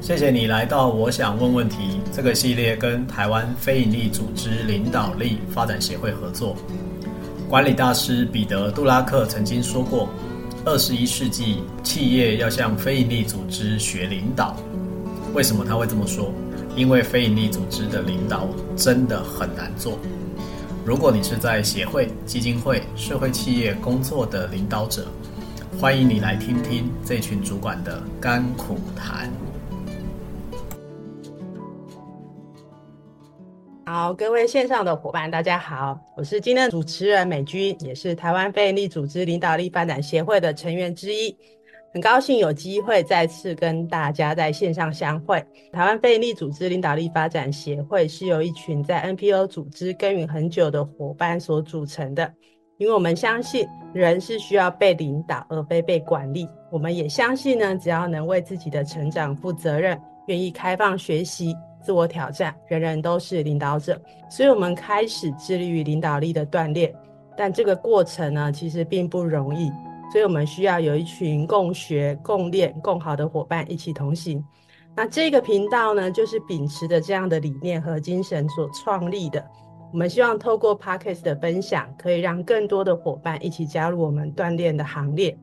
謝謝你來到《我想問問題》這個系列，跟台灣非營利組織領導力發展協會合作。管理大師彼得·杜拉克曾經說過，二十一世紀企業要向非營利組織學領導。為什麼他會這麼說？因為非營利組織的領導真的很難做。如果你是在協會、基金會、社會企業工作的領導者，歡迎你來聽聽這群主管的甘苦談。好，各位線上的夥伴，大家好，我是今天的主持人美君，也是台灣非營利組織領導力發展協會的成員之一，很高興有機會再次跟大家在線上相會。台灣非營利組織領導力發展協會是由一群在 NPO 組織耕耘很久的夥伴所組成的。因為我們相信，人是需要被領導，而非被管理。我們也相信呢，只要能為自己的成長負責任，願意開放學習、自我挑戰，人人都是領導者。所以，我們開始致力於領導力的鍛鍊。但這個過程呢，其實並不容易。所以我們需要有一群共學、共練、共好的夥伴一起同行。那這個頻道呢，就是秉持着這樣的理念和精神所創立的。我們希望透過 podcast 的分享，可以讓更多的夥伴一起加入我們鍛鍊的行列。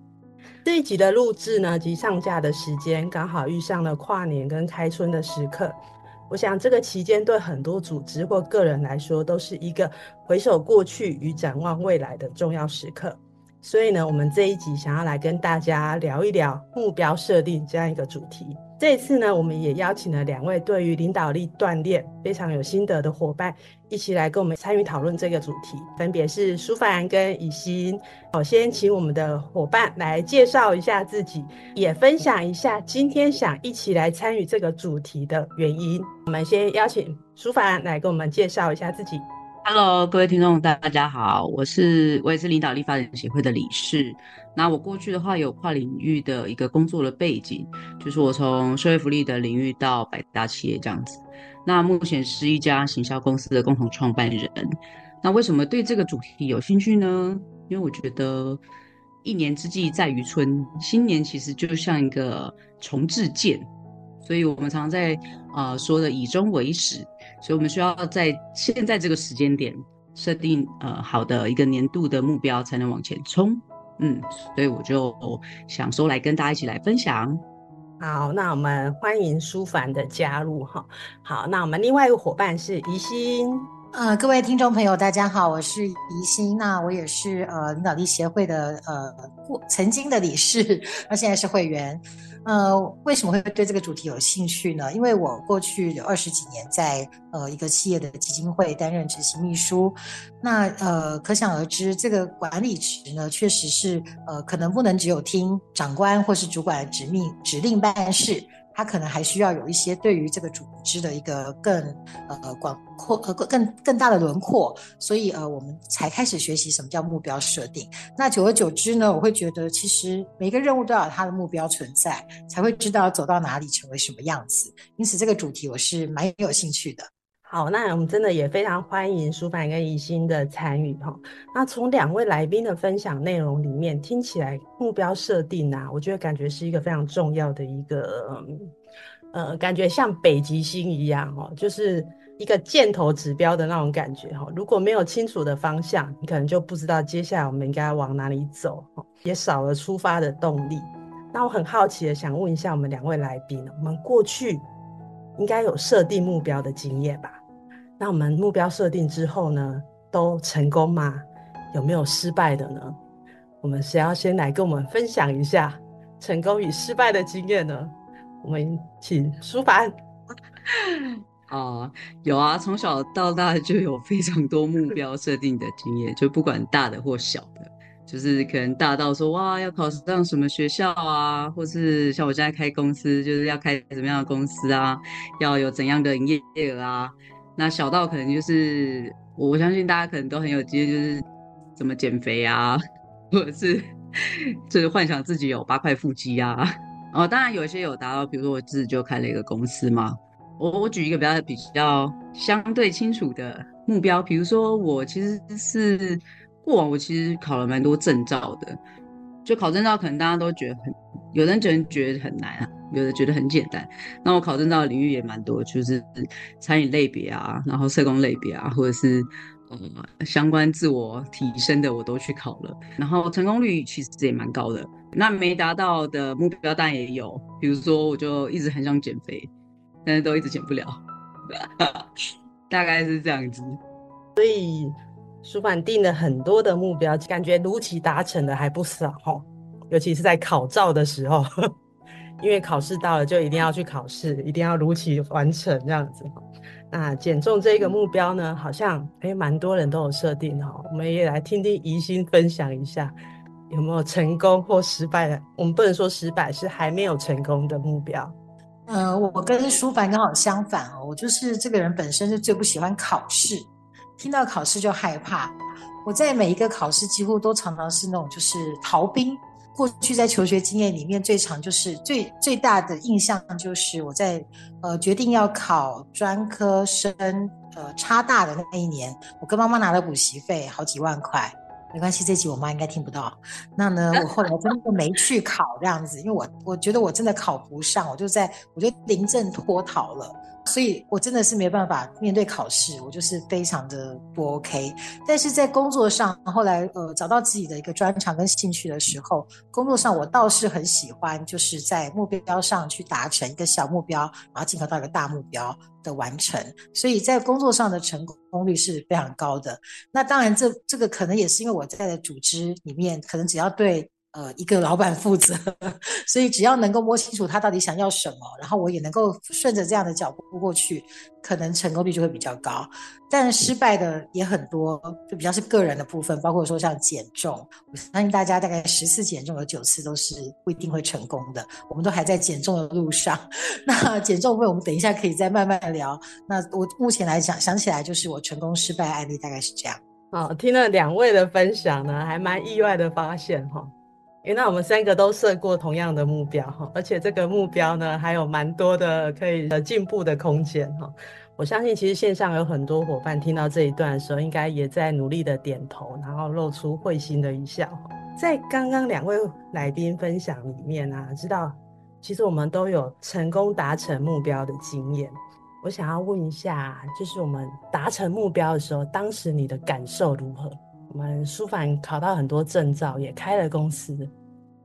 這一集的錄制呢，及上架的時間剛好遇上了跨年跟開春的時刻。我想這個期間對很多組織或個人來說，都是一個回首過去與展望未來的重要時刻。所以呢，我們這一集想要來跟大家聊一聊目標設定這樣一個主題。這一次呢，我們也邀請了兩位對於領導力鍛鍊非常有心得的夥伴，一起來跟我們參與討論這個主題。分別是舒帆跟怡欣。首先請我們的夥伴來介紹一下自己，也分享一下今天想一起來參與這個主題的原因。我們先邀請舒帆來跟我們介紹一下自己。Hello，各位聽眾，大家好，我是我也是領導力發展協會的理事。那我過去的話有跨領域的一個工作的背景，就是我從社會福利的領域到百大企業這樣子。那目前是一家行銷公司的共同創辦人。那為什麼對這個主題有興趣呢？因為我覺得一年之計在於春，新年其實就像一個重置鍵。所以，我們常在啊、呃、說的以終為始，所以我們需要在現在這個時間點設定呃好的一個年度的目標，才能往前衝。嗯，所以我就想說來跟大家一起來分享。好，那我們歡迎舒帆的加入哈。好，那我們另外一個夥伴是怡欣。呃，各位聽眾朋友，大家好，我是怡欣。那我也是呃領導力協會的呃曾經的理事，那現在是會員。呃，為什麼會對這個主題有興趣呢？因為我過去有二十幾年在呃一個企業的基金會擔任執行秘書，那呃可想而知，這個管理職呢確實是呃可能不能只有聽長官或是主管指命指令辦事。他可能還需要有一些對於這個組織的一個更呃廣闊呃更更大的輪廓，所以呃我們才開始學習什麼叫目標設定。那久而久之呢，我會覺得其實每個任務都有它的目標存在，才會知道走到哪裡，成為什麼樣子。因此這個主題我是蠻有興趣的。好，那我們真的也非常歡迎舒帆跟怡欣的參與哈。那從兩位來賓的分享內容裡面，聽起來目標設定啊，我覺得感覺是一個非常重要的一個，呃，感覺像北極星一樣哦，就是一個箭頭指標的那種感覺哈。如果沒有清楚的方向，你可能就不知道接下來我們應該要往哪裡走，也少了出發的動力。那我很好奇的想問一下我們兩位來賓，我們過去應該有設定目標的經驗吧？那我們目標設定之後呢，都成功嗎？有沒有失敗的呢？我們誰要先來跟我們分享一下成功與失敗的經驗呢？我們請舒帆。啊、 呃，有啊，從小到大就有非常多目標設定的經驗， 就不管大的或小的，就是可能大到說哇，要考上什麼學校啊，或是像我現在開公司，就是要開什麼樣的公司啊，要有怎樣的營業額啊。那小到可能就是，我相信大家可能都很有機會，就是怎麼減肥啊，或者是就是幻想自己有八塊腹肌啊。哦，當然有一些有達到，比如說我自己就開了一個公司嘛。我我舉一個比較比較相對清楚的目標，比如說我其實是過往我其實考了蠻多證照的，就考證照可能大家都覺得很有的人覺得覺得很難。啊。有的覺得很簡單，那我考證到的領域也蠻多，就是餐飲類別啊，然後社工類別啊，或者是呃相關自我提升的，我都去考了。然後成功率其實也蠻高的，那沒達到的目標當然也有，比如說我就一直很想減肥，但是都一直減不了， 大概是這樣子。所以舒帆定了很多的目標，感覺如期達成的還不少，尤其是在考照的時候。因為考試到了，就一定要去考試，一定要如期完成這樣子。那減重這個目標呢，好像哎，蠻多人都有設定哈。我們也來聽聽怡欣，分享一下，有沒有成功或失敗的？我們不能說失敗，是還沒有成功的目標。嗯、呃，我跟舒帆剛好相反哦，我就是這個人本身是最不喜歡考試，聽到考試就害怕。我在每一個考試幾乎都常常是那種就是逃兵。過去在求學經驗裡面最、就是，最長，就是最最大的印象就是我在呃決定要考專科升呃插大的那一年，我跟媽媽拿了補習費好幾萬塊，沒關係，這集我媽應該聽不到。那呢，我後來真的就沒去考這樣子，因為我我覺得我真的考不上，我就在我就臨陣脫逃了。所以我真的是沒辦法面對考試，我就是非常的不 OK。但是在工作上，後來呃找到自己的一個專長跟興趣的時候，工作上我倒是很喜歡，就是在目標上去達成一個小目標，然後整合到一個大目標的完成。所以在工作上的成功率是非常高的。那當然這，這這個可能也是因為我在的組織裡面，可能只要對。呃，一個老闆負責呵呵，所以只要能夠摸清楚，他到底想要什麼，然後我也能夠順着這樣的腳步過去，可能成功率就會比較高。但失敗的也很多，就比較是個人的部分，包括說像減重，我相信大家大概十次減重有九次都是不一定會成功的，我們都還在減重的路上。那減重會我們等一下可以再慢慢聊。那我目前來講，想起來就是我成功失敗案例大概是這樣。好。哦，聽了兩位的分享呢，還蠻意外的發現哈。哦因為那我們三個都設過同樣的目標哈，而且這個目標呢還有蠻多的可以呃進步的空間哈。我相信其實線上有很多夥伴聽到這一段的時候，應該也在努力的點頭，然後露出會心的一笑。在剛剛兩位來賓分享裡面啊，知道其實我們都有成功達成目標的經驗。我想要問一下，就是我們達成目標的時候，當時你的感受如何？我們舒帆，考到很多證照，也開了公司，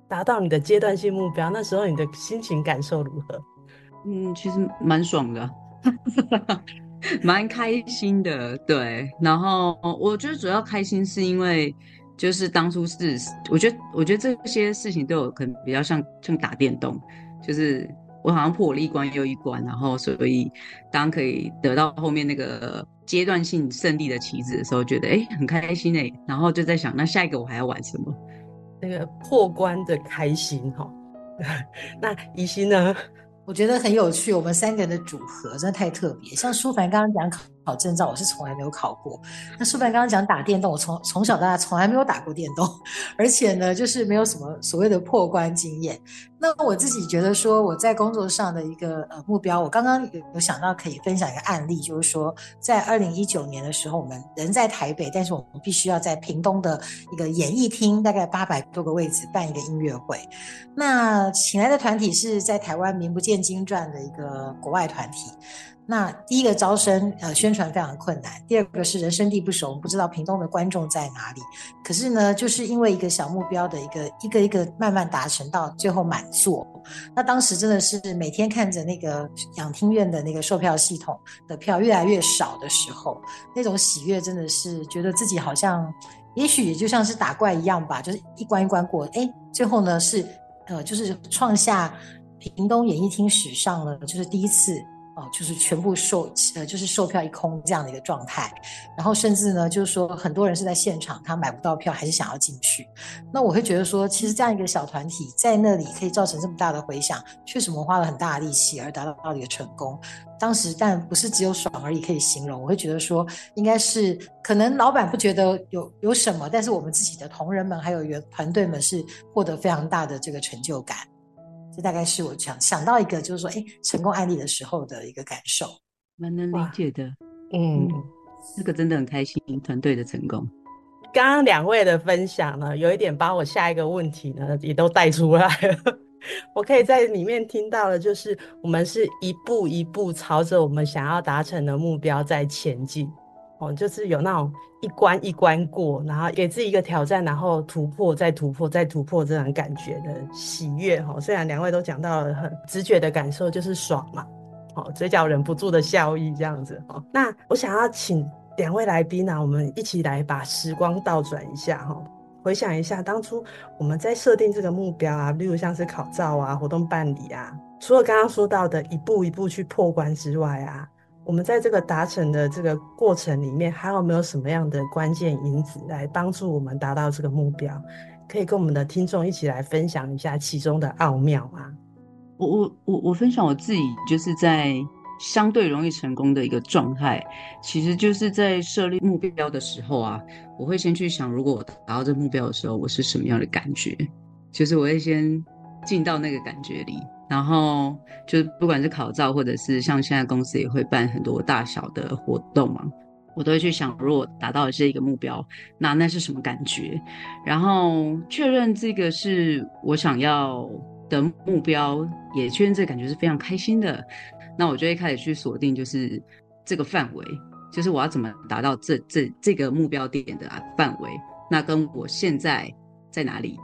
達到你的階段性目標。那時候你的心情感受如何？嗯，其實蠻爽的，蠻 開心的。對，然後我覺得主要開心是因為，就是當初是我覺得，我覺得這些事情都有可能比較像像打電動，就是。我好像破了一關又一關，然後所以當可以得到後面那個階段性勝利的棋子的時候，覺得哎、欸、很開心哎、欸，然後就在想，那下一個我還要玩什麼？那個破關的開心哈。 那怡欣呢？ 我覺得很有趣，我們三個人的組合真的太特別。像舒帆剛剛講考。考證照我是從來沒有考過，那舒帆剛剛講打電動，我從從小到大從來沒有打過電動，而且呢，就是沒有什麼所謂的破關經驗。那我自己覺得說，我在工作上的一個呃目標，我剛剛有有想到可以分享一個案例，就是說在二零一九年的時候，我們人在台北，但是我們必須要在屏東的一個演藝廳，大概八百多個位置辦一個音樂會。那請來的團體是在台灣名不見經傳的一個國外團體。那第一個招生，呃，宣傳非常困難。第二個是人生地不熟，不知道屏東的觀眾在哪裡。可是呢，就是因為一個小目標的一個一個一個慢慢達成，到最後滿座。那當時真的是每天看着那個兩廳院的那個售票系統的票越來越少的時候，那種喜悅真的是覺得自己好像也許也就像是打怪一樣吧，就是一關一關過。哎、欸，最後呢是呃，就是創下屏東演藝廳史上呢就是第一次。哦，就是全部售，呃，就是售票一空這樣的一個狀態，然後甚至呢，就是說很多人是在現場，他買不到票，還是想要進去。那我會覺得說，其實這樣一個小團體在那裡可以造成這麼大的回響，確實我們花了很大的力氣而達到到底的成功。當時，但不是只有爽而已可以形容。我會覺得說，應該是可能老闆不覺得有有什麼，但是我們自己的同仁們還有員團隊們是獲得非常大的這個成就感。這大概是我想想到一個，就是說、欸，成功案例的時候的一個感受，蠻能理解的，哇嗯，這、嗯，那個真的很開心，團隊的成功。剛剛兩位的分享呢，有一點把我下一個問題呢，也都帶出來了。 我可以在裡面聽到的就是，我們是一步一步朝着我們想要達成的目標在前進。就是有那種一關一關過，然後給自己一個挑戰，然後突破，再突破，再突破這種感覺的喜悅哈。雖然兩位都講到了很直覺的感受，就是爽嘛，嘴角忍不住的笑意這樣子哦。那我想要請兩位來賓呢，啊，我們一起來把時光倒轉一下哈，回想一下當初我們在設定這個目標啊，例如像是考照啊、活動辦理啊，除了剛剛說到的一步一步去破關之外啊。我們在這個達成的這個過程裡面，還有沒有什麼樣的關鍵因子來幫助我們達到這個目標？可以跟我們的聽眾一起來分享一下其中的奧妙嗎？我我我我分享我自己，就是在相對容易成功的一個狀態，其實就是在設立目標的時候啊，我會先去想，如果我達到這個目標的時候，我是什麼樣的感覺？就是我會先。進到那個感覺裡，然後就是不管是考照或者是像現在公司也會辦很多大小的活動嘛，我都會去想，如果達到這一個目標，那那是什麼感覺？然後確認這個是我想要的目標，也確認這個感覺是非常開心的，那我就會開始去鎖定，就是這個範圍，就是我要怎麼達到這這這個目標點的範圍？那跟我現在在哪裡？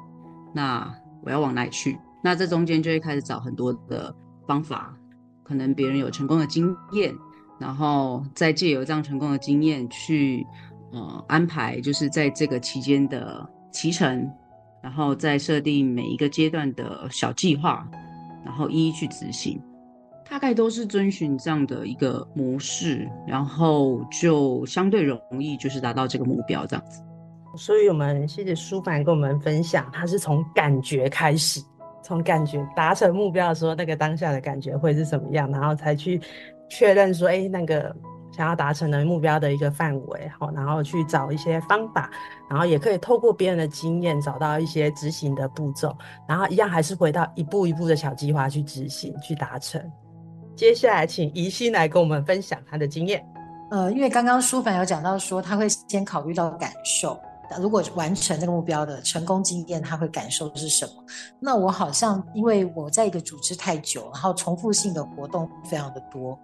那我要往哪裡去？那這中間就會開始找很多的方法，可能別人有成功的經驗，然後再借由這樣成功的經驗去，呃，安排就是在這個期間的期程，然後再設定每一個階段的小計劃，然後一一去執行，大概都是遵循這樣的一個模式，然後就相對容易，就是達到這個目標這樣子。所以我們謝謝舒帆跟我們分享，他是從感覺開始。從感覺達成目標的時候，那個當下的感覺會是什麼樣？然後才去確認說，誒，那個想要達成的目標的一個範圍，好，然後去找一些方法，然後也可以透過別人的經驗找到一些執行的步驟，然後一樣還是回到一步一步的小計劃去執行去達成。接下來，請怡欣來跟我們分享他的經驗。呃，因為剛剛舒帆有講到說，他會先考慮到感受。如果完成這個目標的成功經驗，他會感受的是什麼？那我好像因為我在一個組織太久，然後重複性的活動非常的多。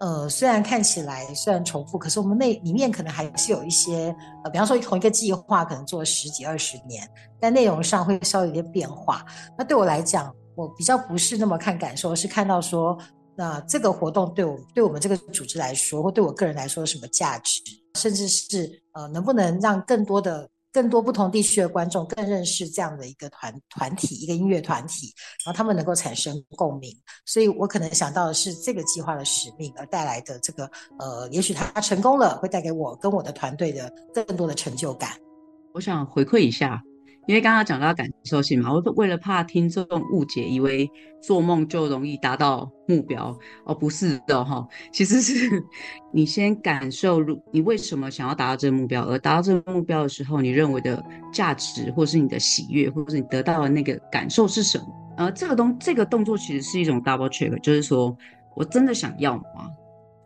呃，雖然看起來雖然重複，可是我們那裡面可能還是有一些呃，比方說同一個計劃可能做十幾二十年，但內容上會稍微有點變化。那對我來講，我比較不是那麼看感受，是看到說，那、呃、這個活動對我對我們這個組織來說，或對我個人來說有什麼價值，甚至是。呃，能不能讓更多的、更多不同地區的觀眾更認識這樣的一個團團體、一個音樂團體，然後他們能夠產生共鳴？所以我可能想到的是這個計劃的使命而帶來的這個，呃，也許他成功了，會帶給我跟我的團隊的更多的成就感。我想回饋一下。因為剛剛講到感受性嘛，我說為了怕聽眾誤解，以為做夢就容易達到目標哦，不是的哈，其實是你先感受，你為什麼想要達到這個目標，而達到這個目標的時候，你認為的價值，或是你的喜悅，或者是你得到的那個感受是什麼？而、呃、這個東這個動作其實是一種 double check，就是說我真的想要嗎？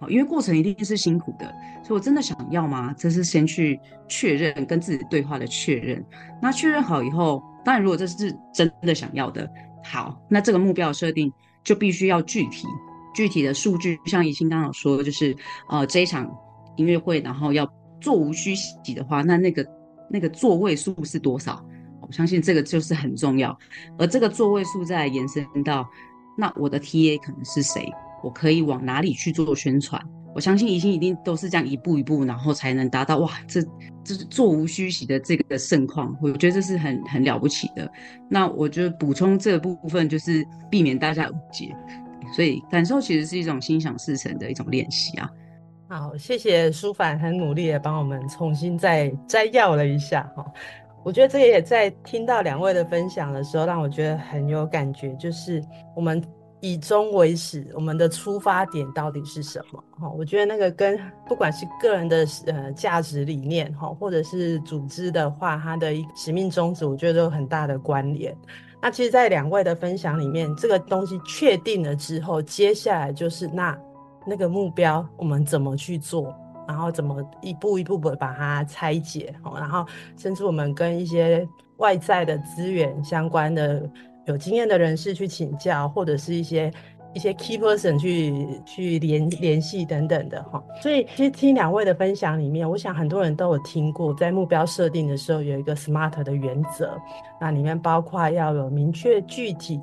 因為過程一定是辛苦的，所以我真的想要嗎？這是先去確認跟自己對話的確認。那確認好以後，當然如果這是真的想要的，好，那這個目標設定就必須要具體，具體的數據。像怡欣剛剛說的就是呃，這一場音樂會，然後要座無虛席的話，那那個那個座位數是多少？我相信這個就是很重要。而這個座位數再延伸到，那我的 TA 可能是誰？我可以往哪裡去做宣傳？我相信怡欣一定都是這樣一步一步，然後才能達到哇，這這是座無虛席的這個盛況。我覺得這是很很了不起的。那我覺得補充這部分就是避免大家誤解，所以感受其實是一種心想事成的一種練習啊。好，謝謝舒帆，很努力的幫我們重新再摘要了一下。我覺得這也在聽到兩位的分享的時候，讓我覺得很有感覺，就是我們。以終為始，我們的出發點到底是什麼？哈、哦，我覺得那個跟不管是個人的呃價值理念哈、哦，或者是組織的話，它的一使命宗旨，我覺得都有很大的關聯。那其實，在兩位的分享裡面，這個東西確定了之後，接下來就是那那個目標，我們怎麼去做，然後怎麼一步一步的把它拆解、哦，然後甚至我們跟一些外在的資源相關的。有經驗的人士去請教，或者是一些一些 key person 去去聯聯繫等等的哈。所以其實聽兩位的分享裡面，我想很多人都有聽過，在目標設定的時候有一個 SMART 的原則，那裡面包括要有明確具體，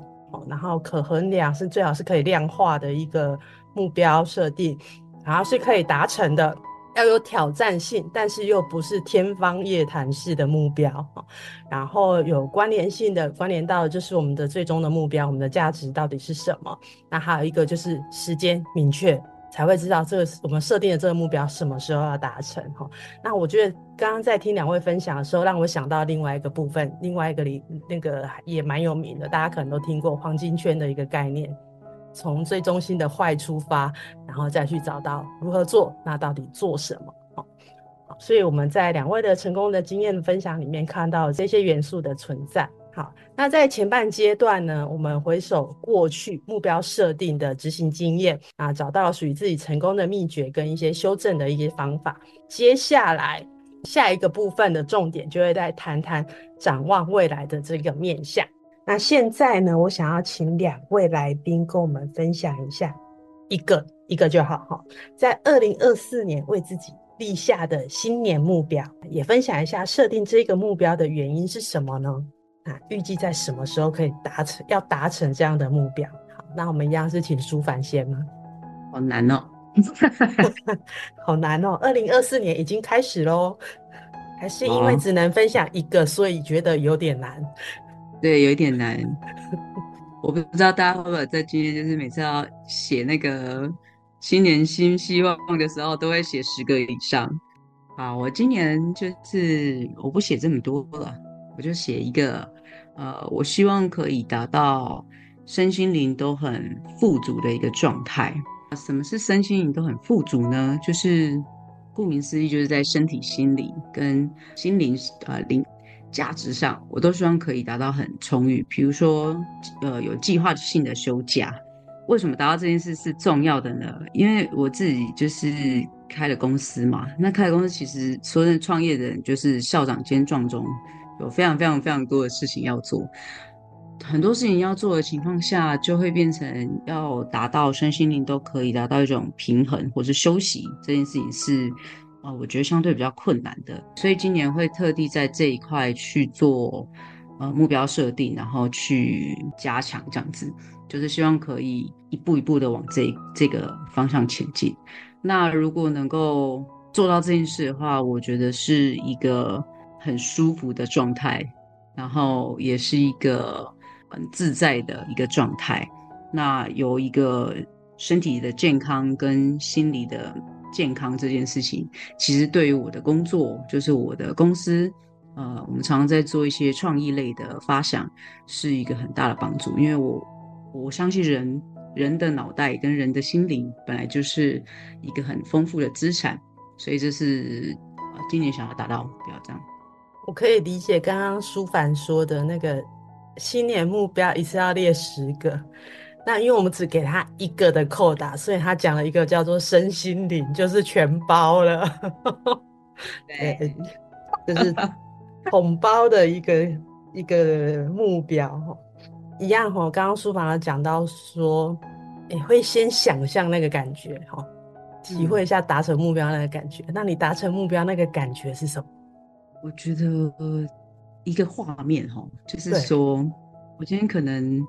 然後可衡量是最好是可以量化的一個目標設定，然後是可以達成的。要有挑戰性，但是又不是天方夜譚式的目標。然後有關聯性的關聯到，就是我們的最終的目標，我們的價值到底是什麼？那還有一個就是時間明確，才會知道這個我們設定的這個目標什麼時候要達成哈。那我覺得剛剛在聽兩位分享的時候，讓我想到另外一個部分，另外一個里那個也蠻有名的，大家可能都聽過黃金圈的一個概念。從最中心的壞出發，然後再去找到如何做，那到底做什麼？好、哦，所以我們在兩位的成功的經驗分享裡面看到了這些元素的存在。好，那在前半階段呢，我們回首過去目標設定的執行經驗啊，找到屬於自己成功的秘訣跟一些修正的一些方法。接下來下一個部分的重點就會再談談展望未來的這個面向。那現在呢？我想要請兩位來賓跟我們分享一下，一個一個就好，在二零二四年為自己立下的新年目標，也分享一下設定這個目標的原因是什麼呢？啊，預計在什麼時候可以達成？要達成這樣的目標？好，那我們一樣是請舒帆先嗎？好難哦、喔， 好難哦、喔！二零二四年已經開始嘍，還是因為只能分享一個，所以覺得有點難。對，有一點難，我不知道大家會不會在今天，就是每次要寫那個新年新希望的時候，都會寫十個以上。啊，我今年就是我不寫這麼多了，我就寫一個，呃，我希望可以達到身心靈都很富足的一個狀態。什麼是身心靈都很富足呢？就是顧名思義，就是在身體心靈、心理跟心靈啊靈。呃價值上，我都希望可以達到很充裕。比如說，呃，有計劃性的休假，為什麼達到這件事是重要的呢？因為我自己就是開了公司嘛。那開了公司其實說真的，創業的人就是校長兼撞鐘，有非常非常非常多的事情要做，很多事情要做的情況下，就會變成要達到身心靈都可以達到一種平衡或是休息。這件事情是。啊、呃，我覺得相對比較困難的，所以今年會特地在這一塊去做，呃，目標設定，然後去加強這樣子，就是希望可以一步一步的往這這個方向前進。那如果能夠做到這件事的話，我覺得是一個很舒服的狀態，然後也是一個很自在的一個狀態。那有一個身體的健康跟心理的。健康這件事情，其實對於我的工作，就是我的公司，呃，我們常常在做一些創意類的發想，是一個很大的幫助。因為我我相信人人的腦袋跟人的心靈本來就是一個很豐富的資產，所以這是今年想要達到目標。這樣我可以理解剛剛舒帆說的那個新年目標，一次要列十個。那因為我們只給他一個的扣打，所以他講了一個叫做身心靈，就是全包了， 對，就是紅包的一個 一個目標。一樣哦，剛剛舒帆講到說，你、欸、會先想象那個感覺體、嗯、會一下達成目標那個感覺。那你達成目標的那個感覺是什麼？我覺得、呃、一個畫面就是說，對我今天可能。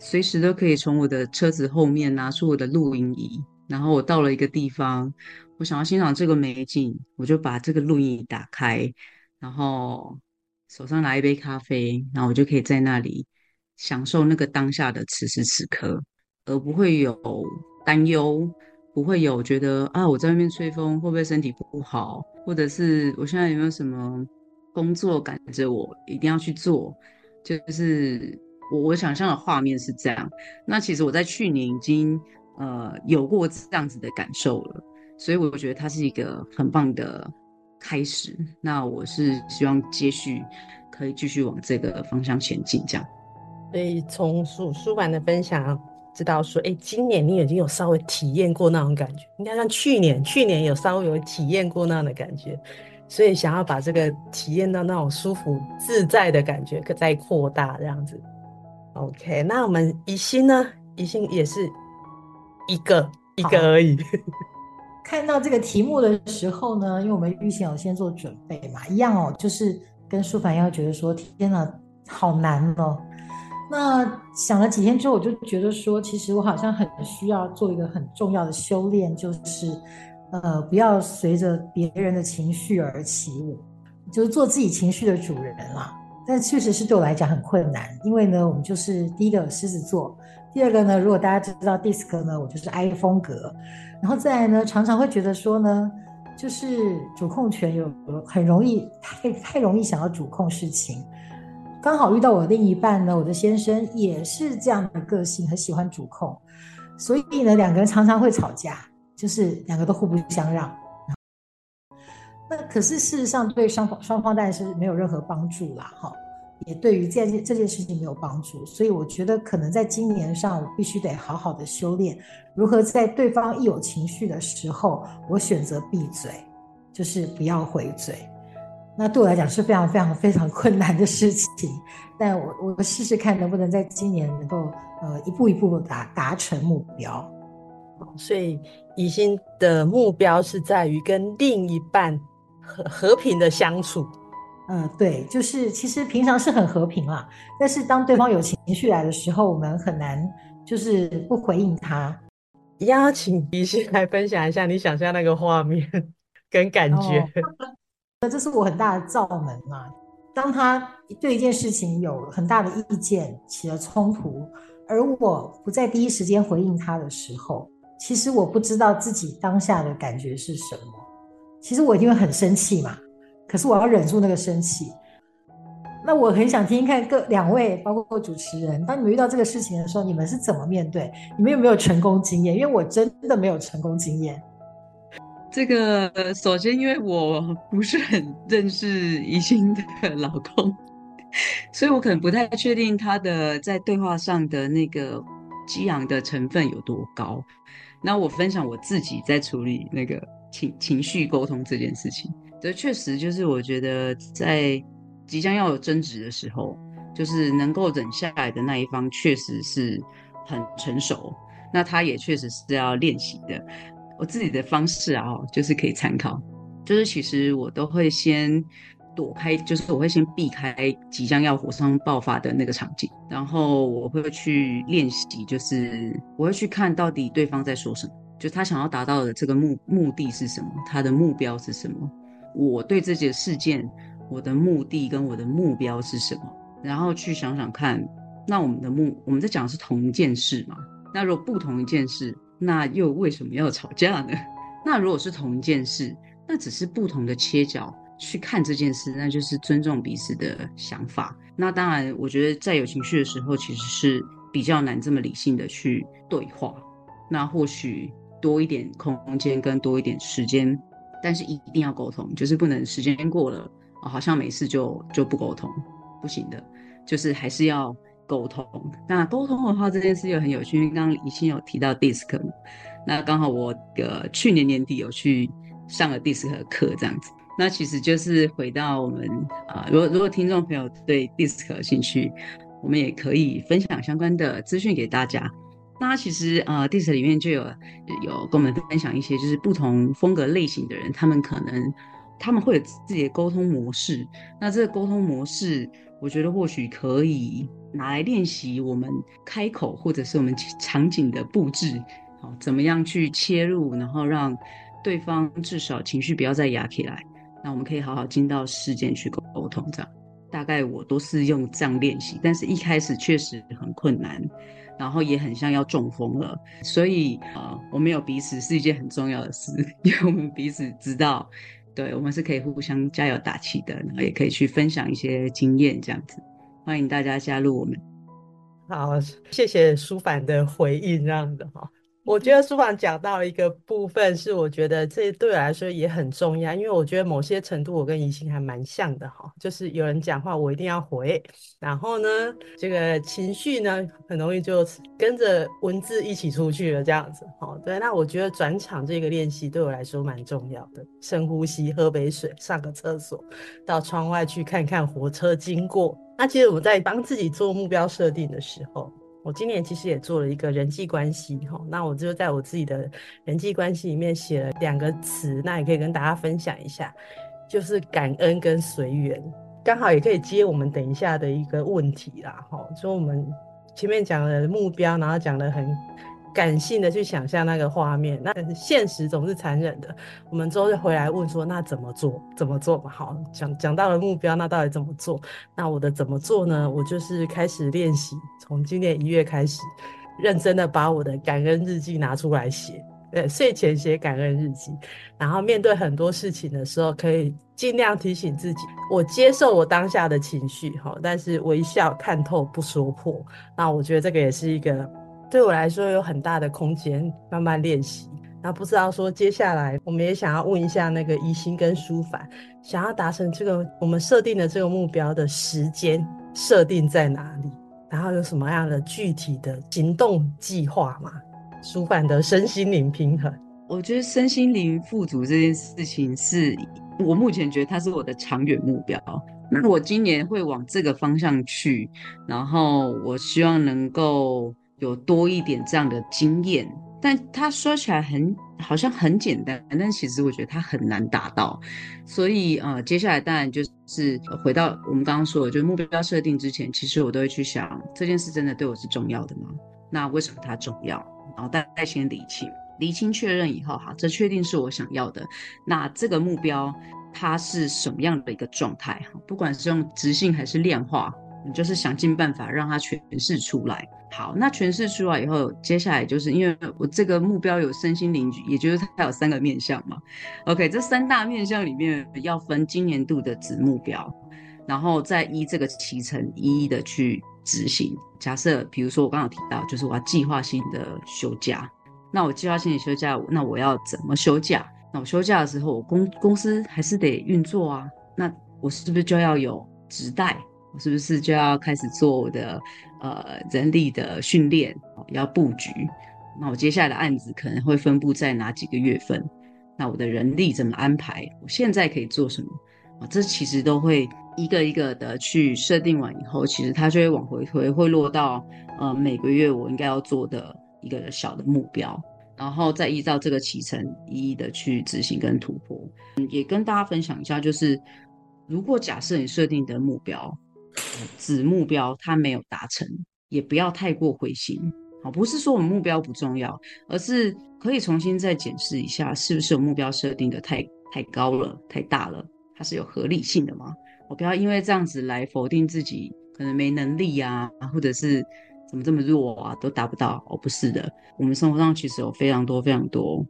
隨時都可以從我的車子後面拿出我的露營椅。然後我到了一個地方，我想要欣賞這個美景，我就把這個露營椅打開，然後手上拿一杯咖啡，然後我就可以在那裡享受那個當下的此時此刻，而不會有擔憂，不會有覺得啊，我在外面吹風會不會身體不好，或者是我現在有沒有什麼工作趕着我一定要去做，就是。我我想象的畫面是這樣，那其實我在去年已經呃有過這樣子的感受了，所以我覺得它是一個很棒的開始。那我是希望接續可以繼續往這個方向前進，這樣。所以從舒舒帆的分享知道說，哎、欸，今年你已經有稍微體驗過那種感覺，應該像去年，去年有稍微有體驗過那樣的感覺，所以想要把這個體驗到那種舒服自在的感覺可再擴大這樣子。OK，那我們怡欣呢？怡欣也是一個好一個而已。 看到這個題目的時候呢，因為我們預先有先做準備嘛，一樣哦，就是跟舒帆要覺得說，天哪，好難哦。那想了幾天之後，我就覺得說，其實我好像很需要做一個很重要的修煉，就是呃，不要隨着別人的情緒而起舞，就是做自己情緒的主人啦。但確實是對我來講很困難，因為呢，我們就是第一個獅子座，第二個呢，如果大家知道 DiSC 呢，我就是 I 風格，然後再來呢，常常會覺得說呢，就是主控權有很容易太太容易想要主控事情，剛好遇到我的另一半呢，我的先生也是這樣的個性，很喜歡主控，所以呢，兩個人常常會吵架，就是兩個都互不相讓。那可是事實上對雙方雙方當然是沒有任何幫助啦，哈，也對於這件這件事情沒有幫助，所以我覺得可能在今年上我必須得好好的修煉，如何在對方一有情緒的時候，我選擇閉嘴，就是不要回嘴，那對我來講是非常非常非常困難的事情，但我我試試看能不能在今年能夠呃一步一步的達達成目標，所以怡欣的目標是在於跟另一半，和和平的相處，嗯，對，就是其實平常是很和平啊，但是當對方有情緒來的時候，我們很難就是不回應他。邀請怡欣來分享一下你想象那個畫面跟感覺。那、哦、這是我很大的罩門嘛。當他對一件事情有很大的意見，起了衝突，而我不在第一時間回應他的時候，其實我不知道自己當下的感覺是什麼。其實我因為很生氣嘛，可是我要忍住那個生氣。那我很想聽聽看各兩位，包括主持人，當你們遇到這個事情的時候，你們是怎麼面對？你們有沒有成功經驗？因為我真的沒有成功經驗。這個首先因為我不是很認識怡欣的老公，所以我可能不太確定他的在對話上的那個激昂的成分有多高。那我分享我自己在處理那個。情情緒溝通這件事情，這確實就是我覺得在即將要有爭執的時候，就是能夠忍下來的那一方確實是很成熟。那他也確實是要練習的。我自己的方式啊，就是可以參考。就是其實我都會先躲開，就是我會先避開即將要火山爆發的那個場景，然後我會去練習，就是我會去看到底對方在說什麼。就他想要達到的這個目目的是什麼？他的目標是什麼？我對這些事件，我的目的跟我的目標是什麼？然後去想想看，那我們的目我們在講的是同一件事嘛。那如果不同一件事，那又為什麼要吵架呢？那如果是同一件事，那只是不同的切角去看這件事，那就是尊重彼此的想法。那當然，我覺得在有情緒的時候，其實是比較難這麼理性的去對話。那或許。多一點空間跟多一點時間，但是一定要溝通，就是不能時間過了，哦、好像沒事，就就不溝通，不行的，就是還是要溝通。那溝通的話，這件事又很有趣，因為剛剛怡欣有提到 DISC，那剛好我的、呃、去年年底有去上了 DISC 的課，這樣子。那其實就是回到我們啊、呃，如果如果聽眾朋友對 DISC 有興趣，我們也可以分享相關的資訊給大家。那其實啊，呃，DiSC 裡面就有有跟我們分享一些，就是不同風格類型的人，他們可能他們會有自己的溝通模式。那這個溝通模式，我覺得或許可以拿來練習我們開口，或者是我們場景的布置，好，怎麼樣去切入，然後讓對方至少情緒不要再壓起來。那我們可以好好進到事件去溝通，這樣大概我都是用這樣練習，但是一開始確實很困難。然後也很像要中風了，所以啊、呃，我們有彼此是一件很重要的事，因為我們彼此知道，對，我們是可以互相加油打氣的，然後也可以去分享一些經驗這樣子。歡迎大家加入我們。好，謝謝舒帆的回應，這樣子哈。我覺得舒帆講到一個部分是，我覺得這對我來說也很重要，因為我覺得某些程度我跟怡欣還蠻像的哈，就是有人講話我一定要回，然後呢，這個情緒呢很容易就跟着文字一起出去了這樣子。好，對，那我覺得轉場這個練習對我來說蠻重要的，深呼吸，喝杯水，上個廁所，到窗外去看看火車經過。那其實我們在幫自己做目標設定的時候。我今年其實也做了一個人際關係哈，那我就在我自己的人際關係裡面寫了兩個詞，那也可以跟大家分享一下，就是感恩跟隨緣，剛好也可以接我們等一下的一個問題啦，所以我們前面講了目標，然後講了很。感性的去想象那個畫面，那現實總是殘忍的。我們周日回來問說，那怎麼做？怎麼做吧？好，講講到了目標，那到底怎麼做？那我的怎麼做呢？我就是開始練習，從今年一月開始，認真的把我的感恩日記拿出來寫，對，睡前寫感恩日記，然後面對很多事情的時候，可以盡量提醒自己，我接受我當下的情緒，哈，但是微笑看透不說破。那我覺得這個也是一個。對我來說有很大的空間，慢慢練習。然後，不知道說接下來我們也想要問一下那個怡欣跟舒帆，想要達成這個我們設定的這個目標的時間設定在哪裡？然後有什麼樣的具體的行動計劃嗎？舒帆的身心靈平衡，我覺得身心靈富足這件事情是我目前覺得它是我的長遠目標。那我今年會往這個方向去，然後我希望能夠。有多一點這樣的經驗，但他說起來很，好像很簡單，但其實我覺得他很難達到。所以呃，接下來當然就是回到我們剛剛說的，就是目標設定之前，其實我都會去想這件事真的對我是重要的嗎？那為什麼它重要？然後大家先理清，理清確認以後哈，這確定是我想要的，那這個目標它是什麼樣的一個狀態哈？不管是用質性還是量化。你就是想盡辦法讓它詮釋出來。好，那詮釋出來以後，接下來就是因為我這個目標有身心靈，也就是它有三個面向嘛。OK，這三大面向裡面要分今年度的子目標，然後再依這個期程一一的去執行。假設比如說我剛剛提到，就是我要計劃性的休假，那我計劃性的休假，那我要怎麼休假？那我休假的時候，我公公司還是得運作啊。那我是不是就要有職代？是不是就要開始做我的呃人力的訓練、哦、要布局，那我接下來的案子可能會分布在哪幾個月份？那我的人力怎麼安排？我現在可以做什麼啊、哦？這其實都會一個一個的去設定完以後，其實它就會往回推，會落到呃每個月我應該要做的一個小的目標，然後再依照這個期程一一的去執行跟突破。嗯，也跟大家分享一下，就是如果假設你設定的目標。子目標，它沒有達成，也不要太過灰心。好，不是說我們目標不重要，而是可以重新再檢視一下，是不是有目標設定的太太高了、太大了？它是有合理性的嗎？我不要因為這樣子來否定自己，可能沒能力啊，或者是怎麼這麼弱啊，都達不到。哦，不是的，我們生活上其實有非常多非常多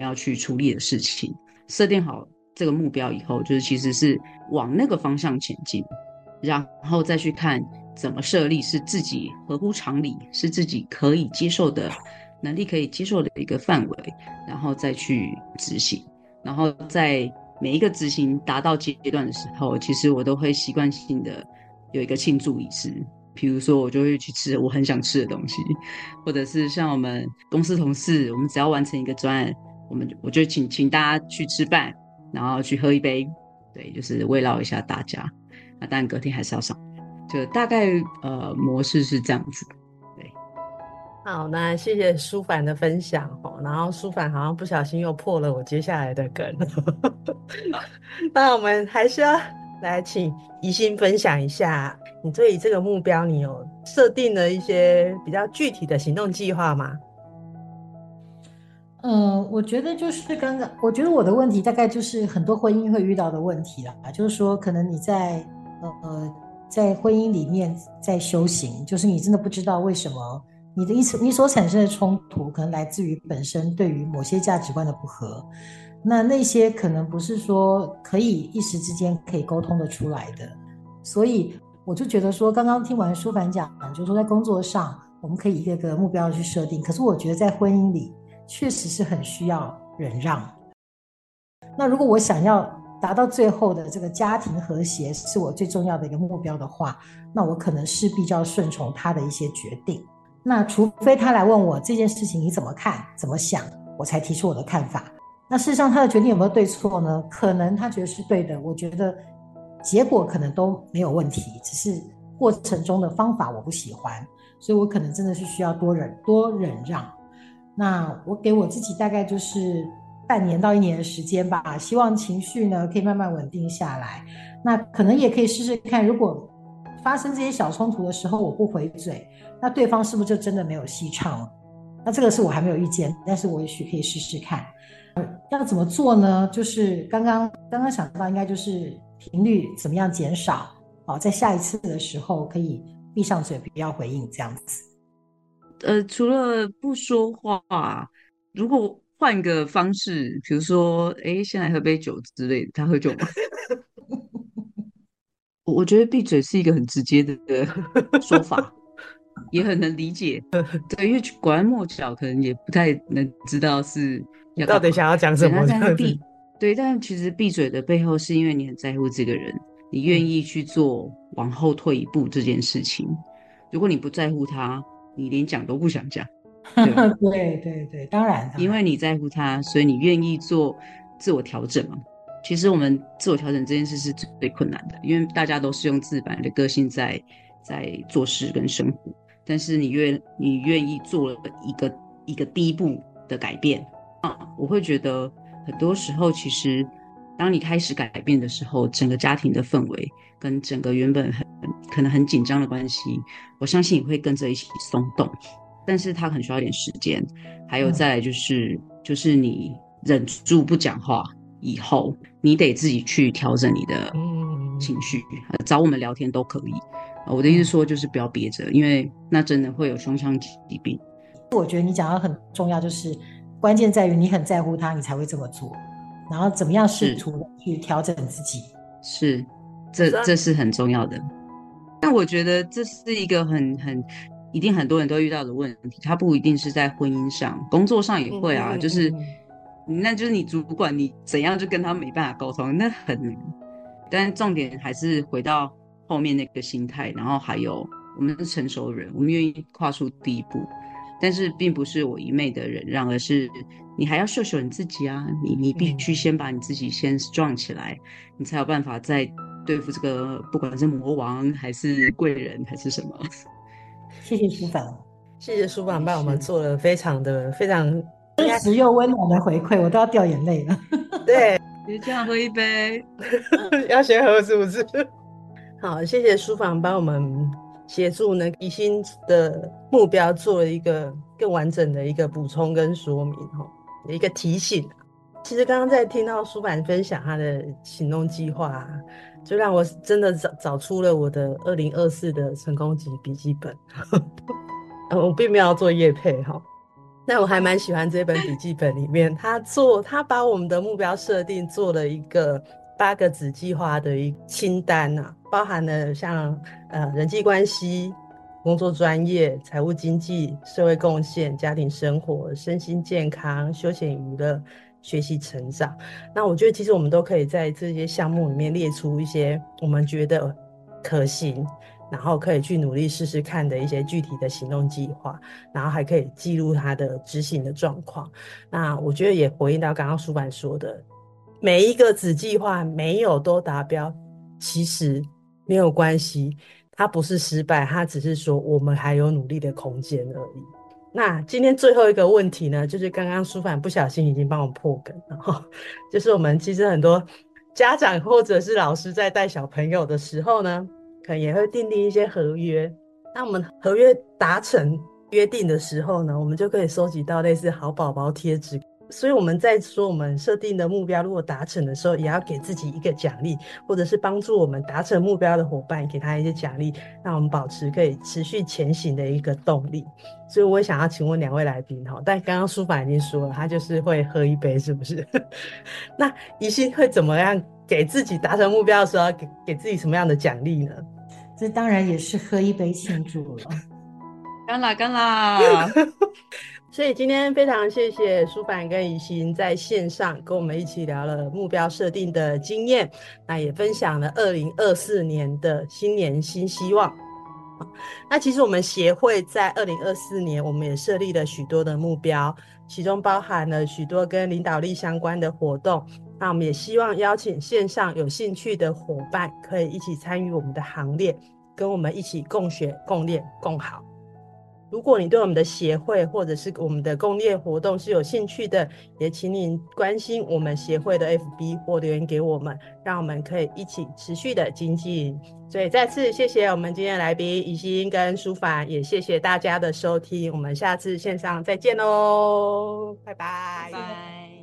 要去處理的事情。設定好這個目標以後，就是其實是往那個方向前進。然後再去看怎麼設立是自己合乎常理，是自己可以接受的能力可以接受的一個範圍，然後再去執行。然後在每一個執行達到階段的時候，其實我都會習慣性的有一個慶祝儀式，比如說我就會去吃我很想吃的東西，或者是像我們公司同事，我們只要完成一個專案，我們我就請請大家去吃飯，然後去喝一杯，對，就是慰勞一下大家。啊，當然隔天還是要上，就大概呃模式是這樣子，對，好，那謝謝舒帆的分享，然後舒帆好像不小心又破了我接下來的梗。 那我們還是要來請怡欣分享一下，你對於這個目標，你有設定了一些比較具體的行動計劃嗎？嗯，我覺得就是剛剛，我覺得我的問題大概就是很多婚姻會遇到的問題啦，就是說可能你在。呃，在婚姻裡面在修行，就是你真的不知道為什麼你的意思，你所產生的衝突可能來自於本身對於某些價值觀的不合，那那些可能不是說可以一時之間可以溝通的出來的，所以我就覺得說，剛剛聽完舒帆講，就是說在工作上我們可以一個一個目標去設定，可是我覺得在婚姻裡確實是很需要忍讓。那如果我想要，達到最後的這個家庭和諧是我最重要的一個目標的話，那我可能是比較順從他的一些決定。那除非他來問我這件事情你怎麼看、怎麼想，我才提出我的看法。那事實上他的決定有沒有對錯呢？可能他覺得是對的，我覺得結果可能都沒有問題，只是過程中的方法我不喜歡，所以我可能真的是需要多忍、多忍讓。那我給我自己大概就是。半年到一年的時間吧，希望情緒呢可以慢慢穩定下來。那可能也可以試試看，如果發生這些小衝突的時候，我不回嘴，那對方是不是就真的沒有戲唱了？那這個是我還沒有遇見，但是我也許可以試試看。呃，要怎麼做呢？就是剛剛剛剛想到，應該就是頻率怎麼樣減少好，哦，在下一次的時候可以閉上嘴，不要回應這樣子。呃，除了不說話，如果。換個方式，比如說，哎、欸，先來喝杯酒之類的。他喝酒嗎？我 我覺得閉嘴是一個很直接的說法， 也很能理解。 對，因為拐彎抹角，可能也不太能知道是要你到底想要講什麼。閉，對、對，但其實閉嘴的背後，是因為你很在乎這個人，你願意去做往後退一步這件事情。嗯、如果你不在乎他，你連講都不想講。 對對對，當然。因為你在乎他，所以你願意做自我調整嘛？其實我們自我調整這件事是最困難的，因為大家都是用自白的個性在在做事跟生活。但是你願你願意做了一個一個第一步的改變啊，我會覺得很多時候，其實當你開始改變的時候，整個家庭的氛圍跟整個原本很可能很緊張的關係，我相信你會跟着一起鬆動。但是他很需要一點時間，還有再來就是、嗯、就是你忍住不講話以後，你得自己去調整你的情緒，嗯、找我們聊天都可以。我的意思說，就是不要憋着，嗯、因為那真的會有胸腔疾病。我覺得你講到很重要，就是關鍵在於你很在乎他，你才會這麼做。然後怎麼樣試圖去調整自己，是這是、啊、這是很重要的。但我覺得這是一個很很。一定很多人都遇到的問題，他不一定是在婚姻上，工作上也會啊。嗯、就是，嗯、那就是你主管你怎樣就跟他沒辦法溝通，那很。但重點還是回到後面那個心態，然後還有我們是成熟的人，我們願意跨出第一步，但是並不是我一昧的忍讓，而是你還要秀秀你自己啊！你你必須先把你自己先 strong 起來，嗯、你才有辦法再對付這個不管是魔王還是貴人還是什麼。謝謝舒帆，謝謝舒帆幫我們做了非常的須非常實用溫暖的回饋，我都要掉眼淚了。 對， 你就這樣喝一杯， 要先喝是不是？好，謝謝舒帆幫我們協助呢，怡欣的目標做了一個更完整的一個補充跟說明吼，一個提醒，其實剛剛在聽到舒帆分享他的行動計劃，啊。就讓我真的找找出了我的二零二四的成功級筆記本， 我並沒有要做業配哈，那我還蠻喜歡這本筆記本，裡面他做他把我們的目標設定做了一個八個子計劃的一清單啊，包含了像呃人際關係、工作專業、財務經濟、社會貢獻、家庭生活、身心健康、休閒娛樂、學習成長，那我覺得其實我們都可以在這些項目裡面列出一些我們覺得可行，然後可以去努力試試看的一些具體的行動計劃，然後還可以記錄它的執行的狀況。那我覺得也回應到剛剛舒帆說的，每一個子計劃沒有都達標，其實沒有關係，它不是失敗，它只是說我們還有努力的空間而已。那今天最後一個問題呢，就是剛剛舒帆不小心已經幫我破梗了哈，然後就是我們其實很多家長或者是老師在帶小朋友的時候呢，可能也會訂定一些合約。當我們合約達成約定的時候呢，我們就可以收集到類似好寶寶貼紙。所以我們在說我們設定的目標，如果達成的時候，也要給自己一個獎勵，或者是幫助我們達成目標的夥伴，給他一些獎勵，讓我們保持可以持續前行的一個動力。所以，我想要請問兩位來賓哈，但剛剛舒帆已經說了，他就是會喝一杯，是不是？ 那怡欣會怎麼樣給自己達成目標的時候，給給自己什麼樣的獎勵呢？這當然也是喝一杯慶祝了乾，乾啦乾啦。 所以今天非常謝謝舒帆跟怡欣在線上跟我們一起聊了目標設定的經驗，那也分享了二零二四年的新年新希望。那其實我們協會在二零二四年，我們也設立了許多的目標，其中包含了許多跟領導力相關的活動。那我們也希望邀請線上有興趣的伙伴，可以一起參與我們的行列，跟我們一起共學、共練、共好。如果你對我們的協會或者是我們的公益活動是有興趣的，也請您關心我們協會的 FB 或留言給我們，讓我們可以一起持續的精進。所以再次謝謝我們今天來賓怡欣跟舒帆，也謝謝大家的收聽，我們下次線上再見嘍，拜拜 bye。Bye bye